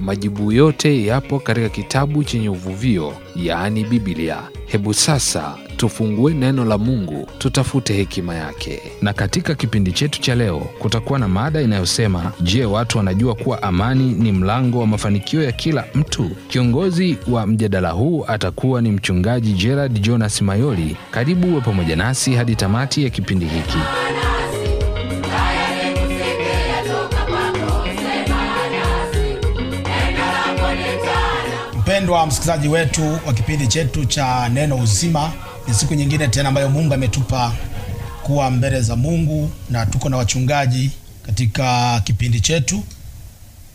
Majibu yote yapo katika kitabu chenye uvuvio, yaani Biblia. Hebu sasa tufungue neno la Mungu, tutafute hekima yake. Na katika kipindi chetu cha leo kutakuwa na mada inayosema, je, watu wanajua kuwa amani ni mlango wa mafanikio ya kila mtu? Kiongozi wa mjadala huu atakuwa ni mchungaji Gerard Jonas Mayoli. Karibu uwe pamoja nasi hadi tamati ya kipindi hiki. Mpendwa msikilizaji wetu wa kipindi chetu cha Neno Uzima, ni siku nyingine tena ambayo Mungu ametupa kuwa mbele za Mungu, na tuko na wachungaji katika kipindi chetu.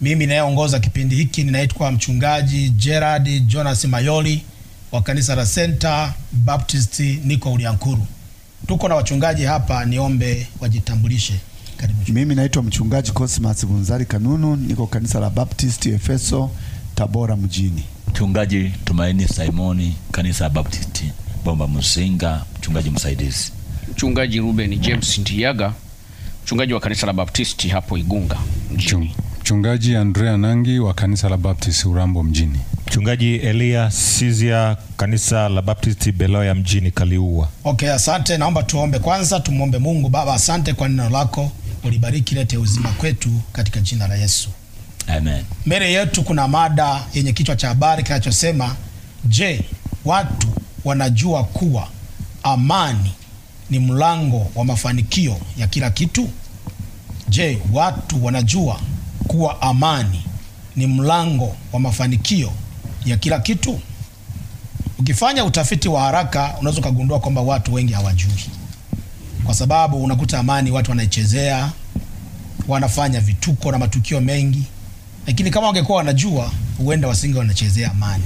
Mimi nayeongoza kipindi hiki ninaitwa Mchungaji Gerard Jonas Mayoli wa kanisa la Center Baptist niko Uliankuru. Tuko na wachungaji hapa, niombe wajitambulishe. Karibu. Mimi naitwa Mchungaji Cosmas Bunzari Kanunu, niko kanisa la Baptist Efeso Tabora mjini. Mchungaji Tumaini Simoni, kanisa ya Baptisti Bomba mzinga mchungaji msaidizi. Mchungaji Ruben James Ndiaga, mchungaji wa kanisa la Baptisti hapo Igunga mjini. Mchungaji Andrea Nangi wa kanisa la Baptisti Urambo mjini. Mchungaji Elia Sizia kanisa la Baptisti Beloya mjini Kaliua. Okay, asante. Naomba tuombe kwanza, tumwombe Mungu. Baba, asante kwa neno lako, ulibariki, lete uzima kwetu katika jina la Yesu. Amen. Mbele yetu kuna mada yenye kichwa cha habari kinachosema je, watu wanajua kuwa amani ni mlango wa mafanikio ya kila kitu? Je, watu wanajua kuwa amani ni mlango wa mafanikio ya kila kitu? Ukifanya utafiti wa haraka unaweza ukagundua kwamba watu wengi hawajui, kwa sababu unakuta amani watu wanaichezea, wanafanya vituko na matukio mengi lakini kama wangekuwa wanajua huenda wasinge wanachezea amani.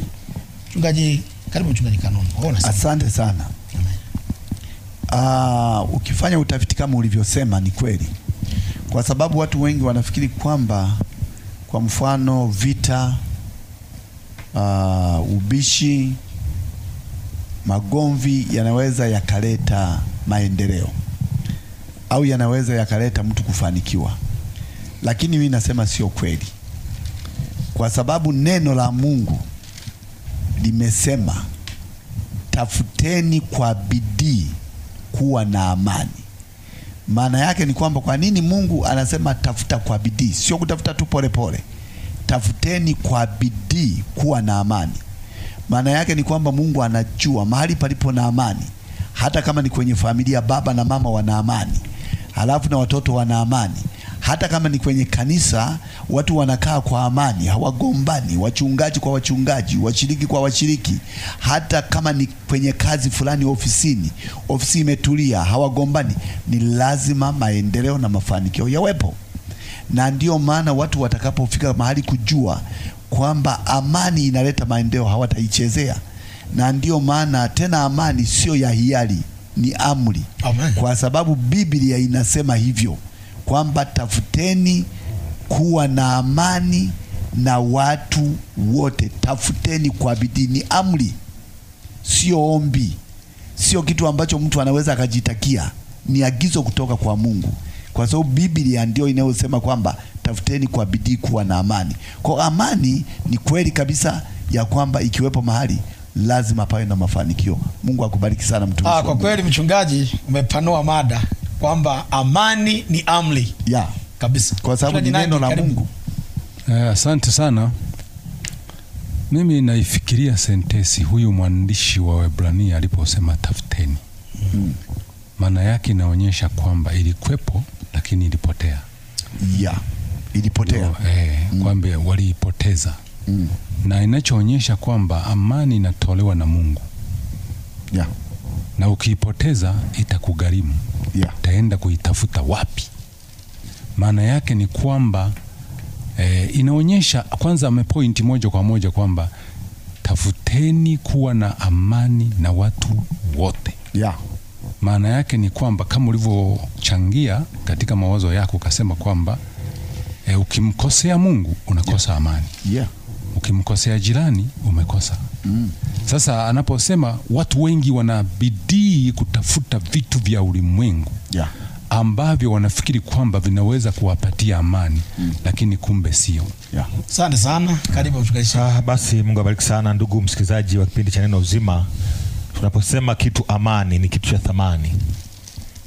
Mchungaji, karibu mchungaji Kanunu. Asante sana. Aa, ah, ukifanya utafiti kama ulivyosema ni kweli, kwa sababu watu wengi wanafikiri kwamba kwa mfano vita, aa, ah, ubishi, magomvi yanaweza yakaleta maendeleo au yanaweza yakaleta mtu kufanikiwa, lakini mimi nasema sio kweli kwa sababu neno la Mungu limesema, tafuteni kwa bidii kuwa na amani. Maana yake ni kwamba kwa nini Mungu anasema tafuta kwa bidii? Sio kutafuta tu polepole, tafuteni kwa bidii kuwa na amani. Maana yake ni kwamba Mungu anajua mahali palipo na amani, hata kama ni kwenye familia, baba na mama wana amani, halafu na watoto wana amani hata kama ni kwenye kanisa, watu wanakaa kwa amani, hawagombani, wachungaji kwa wachungaji, washiriki kwa washiriki. Hata kama ni kwenye kazi fulani, ofisini, ofisi imetulia, hawagombani. Ni lazima maendeleo na mafanikio yawepo, na ndiyo maana watu watakapofika mahali kujua kwamba amani inaleta maendeleo hawataichezea, na ndiyo maana tena, amani sio ya hiari, ni amri. Amen. Kwa sababu Biblia inasema hivyo kwamba tafuteni kuwa na amani na watu wote, tafuteni kwa bidii. Ni amri, sio ombi, sio kitu ambacho mtu anaweza akajitakia. Ni agizo kutoka kwa Mungu, kwa sababu Biblia ndio inayosema kwamba tafuteni kwa bidii kuwa na amani. Kwa amani, ni kweli kabisa ya kwamba ikiwepo mahali lazima pawe na mafanikio. Mungu akubariki sana mtumishi. Ah, kwa kweli mchungaji, umepanua mada kwamba amani ni amri yeah. Kabisa, kwa sababu ni neno la Mungu. Eh, asante uh, sana. Mimi naifikiria sentesi huyu mwandishi wa Waebrania aliposema tafuteni, mm. maana mm -hmm. yake inaonyesha kwamba ilikwepo lakini ilipotea yeah. ilipotea no, eh, mm kwamba waliipoteza mm na inachoonyesha kwamba amani inatolewa na Mungu yeah na ukiipoteza itakugharimu yeah. Taenda kuitafuta wapi? Maana yake ni kwamba e, inaonyesha kwanza, amepointi moja kwa moja kwamba tafuteni kuwa na amani na watu wote yeah. Maana yake ni kwamba kama ulivyochangia katika mawazo yako ukasema kwamba e, ukimkosea Mungu unakosa yeah. amani yeah. Ukimkosea jirani umekosa sasa anaposema watu wengi wanabidii kutafuta vitu vya ulimwengu yeah, ambavyo wanafikiri kwamba vinaweza kuwapatia amani mm, lakini kumbe sio. Asante yeah, sana. Karibu mshikaji. Ah, basi Mungu abariki sana ndugu msikilizaji wa kipindi cha Neno Uzima. Tunaposema kitu amani ni kitu cha thamani,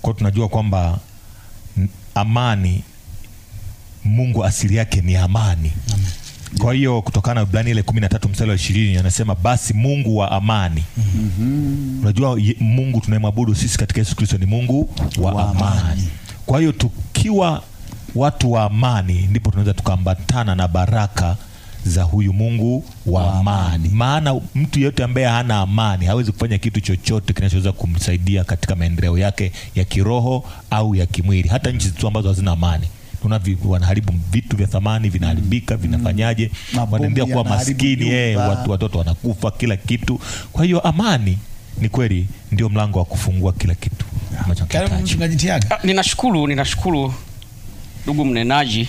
kwa tunajua kwamba amani, Mungu asili yake ni amani. Amen. Kwa hiyo kutokana na Ibrania ile kumi na tatu mstari wa ishirini anasema basi Mungu wa amani. mm -hmm. Unajua Mungu tunayemwabudu sisi katika Yesu Kristo ni Mungu wa, wa amani. amani. Kwa hiyo tukiwa watu wa amani ndipo tunaweza tukaambatana na baraka za huyu Mungu wa, amani. Maana mtu yeyote ambaye hana amani hawezi kufanya kitu chochote kinachoweza kumsaidia katika maendeleo yake ya kiroho au ya kimwili, hata nchi tu ambazo hazina amani wanaharibu vitu vya thamani vinaharibika, mm. vinafanyaje, mm. wanaendelea kuwa maskini eh, watu, watoto wanakufa, kila kitu. Kwa hiyo amani ni kweli ndio mlango wa kufungua kila kitu. Ah, ninashukuru, ninashukuru ndugu mnenaji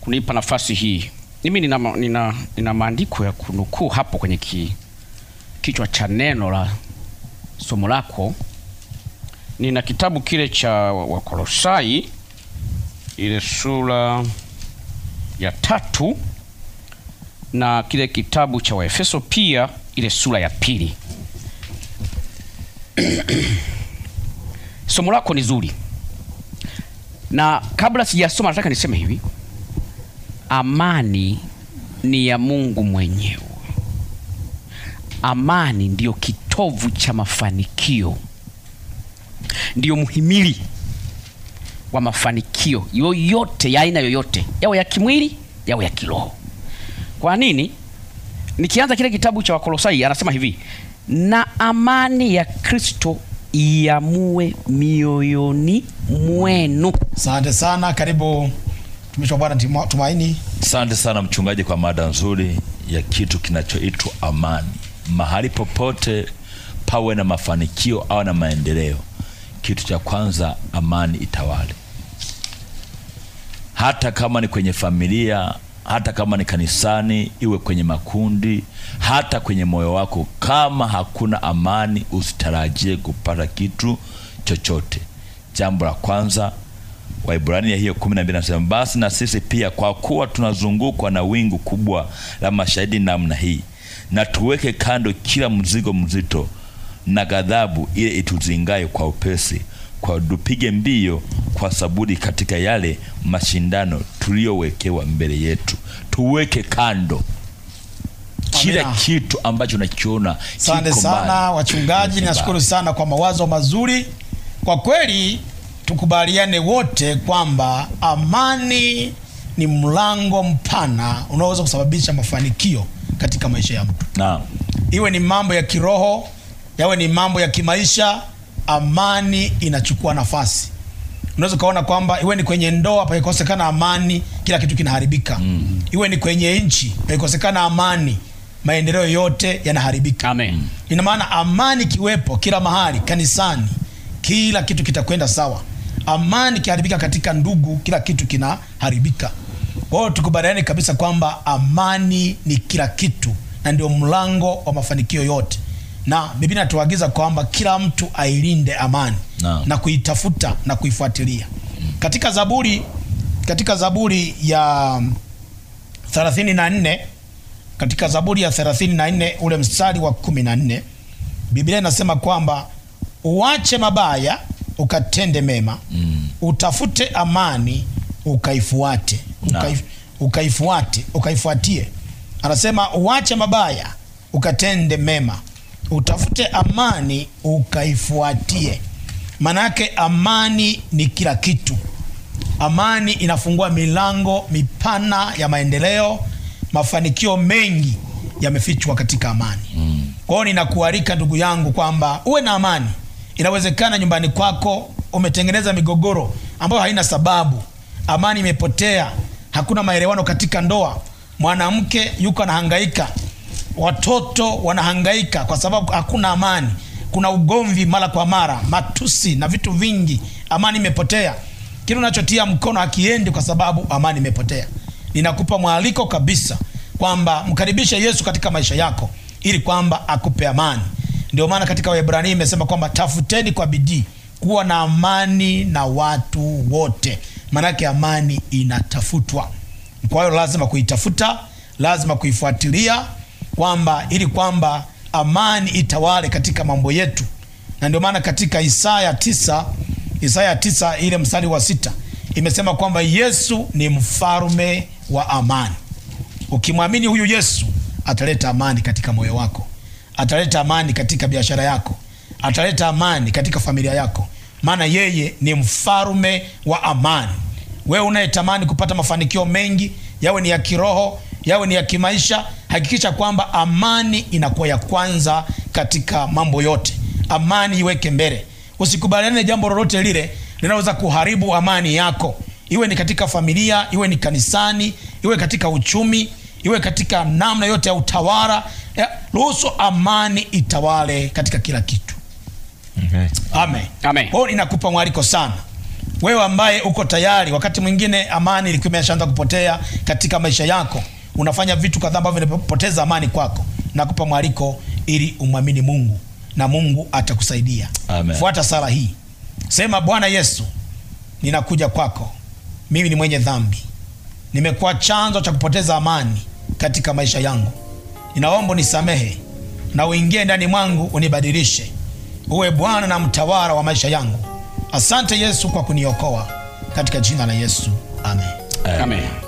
kunipa nafasi hii. Mimi nina, nina, nina maandiko ya kunukuu hapo kwenye ki, kichwa cha neno la somo lako. Nina kitabu kile cha Wakolosai ile sura ya tatu na kile kitabu cha Waefeso pia ile sura ya pili. Somo lako ni zuri, na kabla sijasoma, nataka niseme hivi: amani ni ya Mungu mwenyewe. Amani ndiyo kitovu cha mafanikio, ndiyo muhimili wa mafanikio yoyote ya aina yoyote, yawe ya kimwili, yawe ya kiroho. Kwa nini? Nikianza kile kitabu cha Wakolosai anasema hivi, na amani ya Kristo iamue mioyoni mwenu. Asante sana, karibu mtumishi wa Bwana Tumaini. Asante sana mchungaji kwa mada nzuri ya kitu kinachoitwa amani. Mahali popote pawe na mafanikio au na maendeleo, kitu cha kwanza amani itawale hata kama ni kwenye familia, hata kama ni kanisani, iwe kwenye makundi, hata kwenye moyo wako. Kama hakuna amani, usitarajie kupata kitu chochote. Jambo la kwanza, Waibrania hiyo kumi na mbili basi na sisi pia, kwa kuwa tunazungukwa na wingu kubwa la mashahidi namna hii, na tuweke kando kila mzigo mzito na ghadhabu ile ituzingaye kwa upesi kwa dupige mbio kwa saburi katika yale mashindano tuliyowekewa mbele yetu. Tuweke kando kila kitu ambacho nakiona. Asante sana wachungaji, nashukuru sana kwa mawazo mazuri. Kwa kweli tukubaliane wote kwamba amani ni mlango mpana unaoweza kusababisha mafanikio katika maisha ya mtu. Naam. Iwe ni mambo ya kiroho, yawe ni mambo ya kimaisha amani inachukua nafasi. Unaweza ukaona kwamba iwe ni kwenye ndoa, pakikosekana amani kila kitu kinaharibika. mm. Iwe ni kwenye nchi, pakikosekana amani maendeleo yote yanaharibika. Amen. Ina maana amani kiwepo kila mahali, kanisani, kila kitu kitakwenda sawa. Amani kiharibika katika ndugu, kila kitu kinaharibika. Kwa hiyo tukubaliane kabisa kwamba amani ni kila kitu na ndio mlango wa mafanikio yote na Biblia natuagiza kwamba kila mtu ailinde amani na, na kuitafuta na kuifuatilia mm. katika Zaburi, katika Zaburi ya 34 katika Zaburi ya 34 ule mstari wa 14 Biblia inasema kwamba uwache mabaya ukatende mema mm. utafute amani ukaifuate ukaif, ukaifuate ukaifuatie. Anasema uwache mabaya ukatende mema utafute amani ukaifuatie, manake amani ni kila kitu. Amani inafungua milango mipana ya maendeleo. Mafanikio mengi yamefichwa katika amani. Mm. Kwa hiyo ninakualika ndugu yangu kwamba uwe na amani. Inawezekana nyumbani kwako umetengeneza migogoro ambayo haina sababu, amani imepotea, hakuna maelewano katika ndoa, mwanamke yuko anahangaika watoto wanahangaika kwa sababu hakuna amani, kuna ugomvi mara kwa mara, matusi na vitu vingi, amani imepotea. Kile unachotia mkono akiendi kwa sababu amani imepotea. Ninakupa mwaliko kabisa kwamba mkaribishe Yesu katika maisha yako ili kwamba akupe amani. Ndio maana katika Waebrania imesema kwamba tafuteni kwa bidii kuwa na amani na watu wote, maanake amani inatafutwa. Kwa hiyo lazima kuitafuta, lazima kuifuatilia kwamba ili kwamba amani itawale katika mambo yetu, na ndio maana katika Isaya tisa Isaya tisa ile mstari wa sita imesema kwamba Yesu ni mfalme wa amani. Ukimwamini huyu Yesu ataleta amani katika moyo wako, ataleta amani katika biashara yako, ataleta amani katika familia yako, maana yeye ni mfalme wa amani. Wewe unayetamani kupata mafanikio mengi, yawe ni ya kiroho, yawe ni ya kimaisha hakikisha kwamba amani inakuwa ya kwanza katika mambo yote. Amani iweke mbele, usikubaliane jambo lolote lile linaweza kuharibu amani yako, iwe ni katika familia, iwe ni kanisani, iwe katika uchumi, iwe katika namna yote ya utawala. Ruhusu amani itawale katika kila kitu. Okay. Amen. Amen. Kwa hiyo inakupa mwaliko sana wewe ambaye uko tayari. Wakati mwingine amani ilikuwa imeshaanza kupotea katika maisha yako unafanya vitu kadhaa ambavyo vinapoteza amani kwako. Nakupa mwaliko ili umwamini Mungu na Mungu atakusaidia. Amen. Fuata sala hii, sema: Bwana Yesu, ninakuja kwako, mimi ni mwenye dhambi, nimekuwa chanzo cha kupoteza amani katika maisha yangu. Ninaomba nisamehe na uingie ndani mwangu, unibadilishe, uwe Bwana na mtawala wa maisha yangu. Asante Yesu kwa kuniokoa, katika jina la Yesu amen, amen. amen.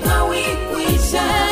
Então, e